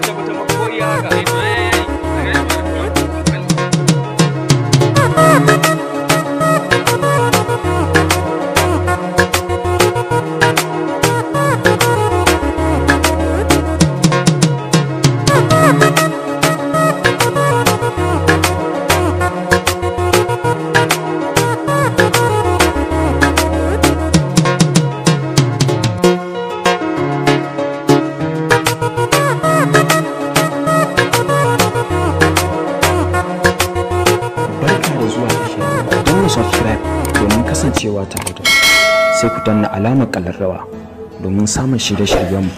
ちょこちょこ mana subscribe domin kasancewa ta da sai ku danna alamar kallarrawa domin samun shirye-shiryenmu